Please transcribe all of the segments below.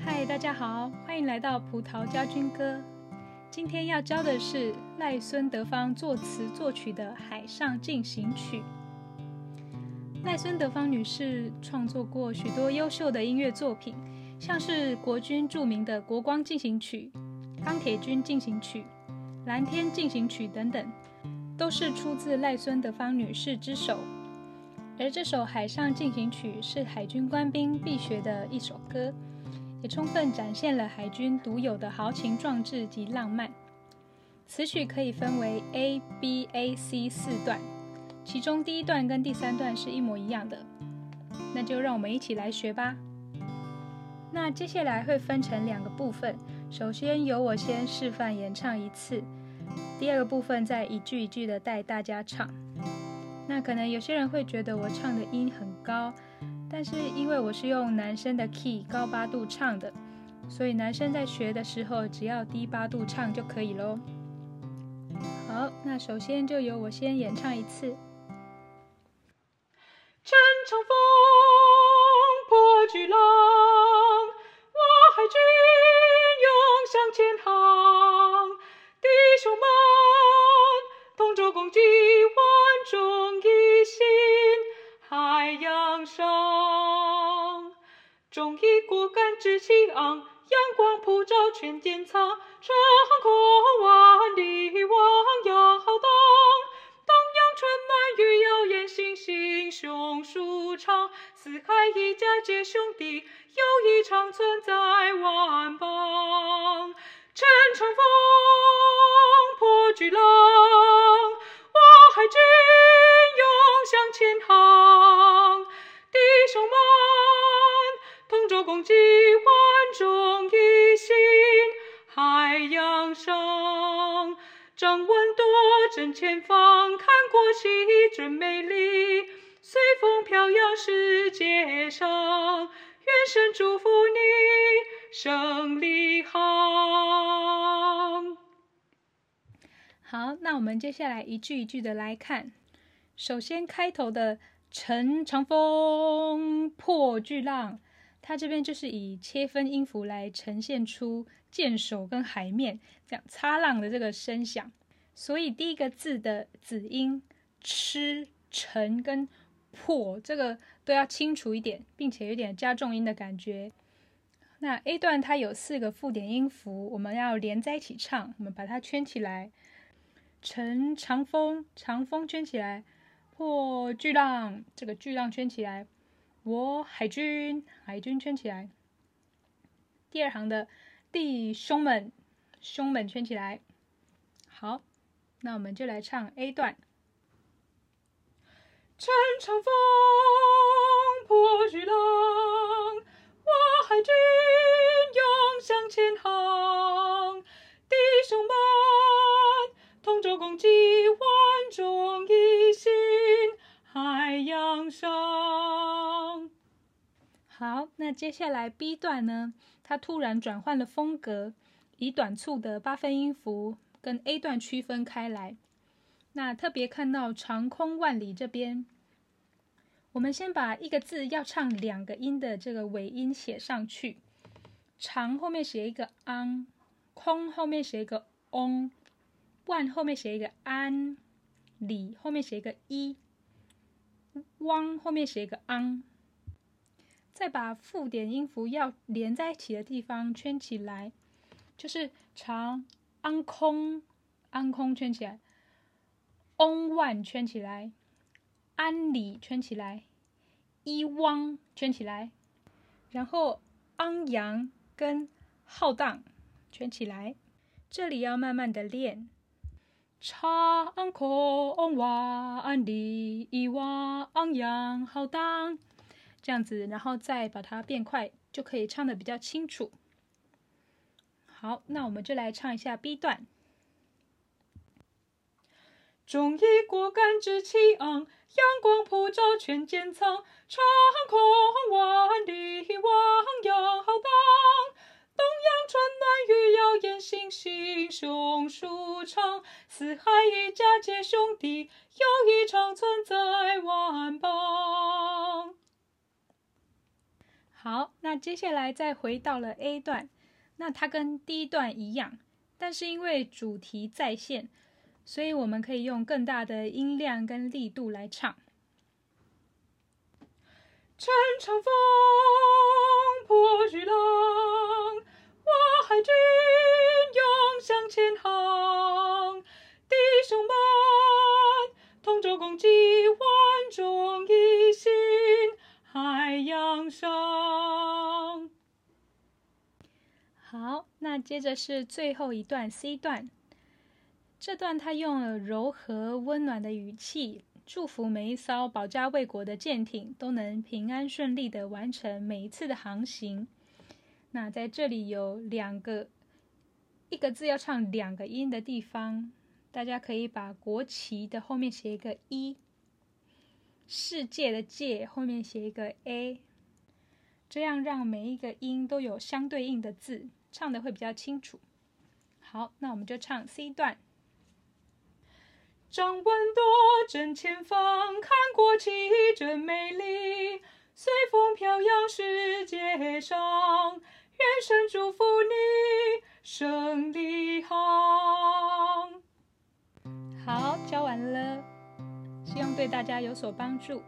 嗨，大家好，歡迎來到葡萄教軍歌。今天要教的是賴孫德芳作詞作曲的《海上進行曲》。賴孫德芳女士創作過許多優秀的音樂作品，像是國軍著名的《國光進行曲》、《鋼鐵軍進行曲》。《藍天進行曲》等等，都是出自賴孫德芳女士之手。而這首《海上進行曲》是海軍官兵必學的一首歌，也充分展現了海軍獨有的豪情壯志及浪漫。此曲可以分為 A B A C 四段，其中第一段跟第三段是一模一樣的。那就讓我們一起來學吧。那接下來會分成兩個部分，首先由我先示範演唱一次。第二個部分再一句一句的帶大家唱，那可能有些人會覺得我唱的音很高，但是因為我是用男生的 key 高八度唱的，所以男生在學的時候只要低八度唱就可以咯。好，那首先就由我先演唱一次。乘長風，破巨浪，濟萬眾一心，海洋上，忠義果敢志氣昂，陽光普照全艦艙，長空萬里。掌穩舵，正前方，看國旗真美麗，隨風飄揚世界上。願神祝福你，勝利航。好，那我們接下來一句一句的來看。首先開頭的“乘長風破巨浪”。它這邊就是以切分音符來呈現出艦首跟海面這樣擦浪的這個聲響，所以第一個字的子音“吃”、“沉”跟“破”這個都要清楚一點，並且有點加重音的感覺。那 A 段它有四個附點音符，我們要連在一起唱，我們把它圈起來：乘長風，長風圈起來；破巨浪，這個巨浪圈起來。我、哦、海軍，海軍圈起來。第二行的弟兄們，兄們圈起來。好，那我們就來唱 A 段。乘長風破巨浪，我海軍勇向前航。弟兄們同，同舟共濟萬眾一心。那接下來 B 段呢？它突然轉換了風格，以短促的八分音符跟 A 段區分開來。那特別看到“長空萬里”這邊，我們先把一個字要唱兩個音的這個尾音寫上去，“長”後面寫一個 ang，“ 空”後面寫一個 ong，“ 萬”後面寫一個 an，“ 里”後面寫一個 i，“ 汪”後面寫一個 ang。再把附點音符要連在一起的地方圈起來，就是長安、嗯、空安、嗯、空圈起來，嗡、嗯、萬圈起來，安、嗯、里圈起來，一、嗯、汪圈、嗯圈、嗯、圈起來，然後昂揚、嗯、跟浩蕩圈起來。這裡要慢慢的練。長安、嗯、空萬安、嗯嗯、里一汪昂揚浩蕩。這樣子，然後再把它變快，就可以唱得比較清楚。好，那我們就來唱一下 B 段。忠義果敢志氣昂，陽光普照全艦艙，長空萬里汪洋浩蕩。冬陽春暖漁躍雁行，星心胸舒暢，四海一家皆兄弟，友誼長存在萬邦。好，那接下來再回到了 A 段，那它跟第一段一樣，但是因為主題再現，所以我們可以用更大的音量跟力度來唱。乘長風，破巨浪，我海軍。好，那接着是最後一段 C 段，這段他用了柔和溫暖的語氣，祝福每一艘保家衛國的艦艇都能平安順利地完成每一次的航行。那在這裡有兩個，一個字要唱兩個音的地方，大家可以把國旗的後面寫一個一，世界的界後面寫一個 a。這樣讓每一個音都有相對應的字，唱的會比較清楚。好，那我們就唱 C 段。掌穩舵正前方，看國旗真美麗，隨風飄揚世界上，願神祝福你，勝利航。好，教完了，希望對大家有所幫助。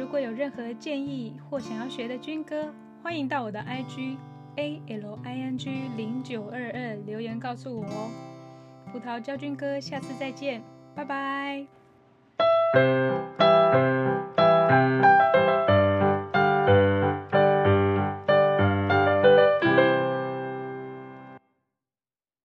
如果有任何建議或想要學的軍歌，歡迎到我的 I G A L I N G 零九二二留言告訴我哦。葡萄教軍歌，下次再見，拜拜。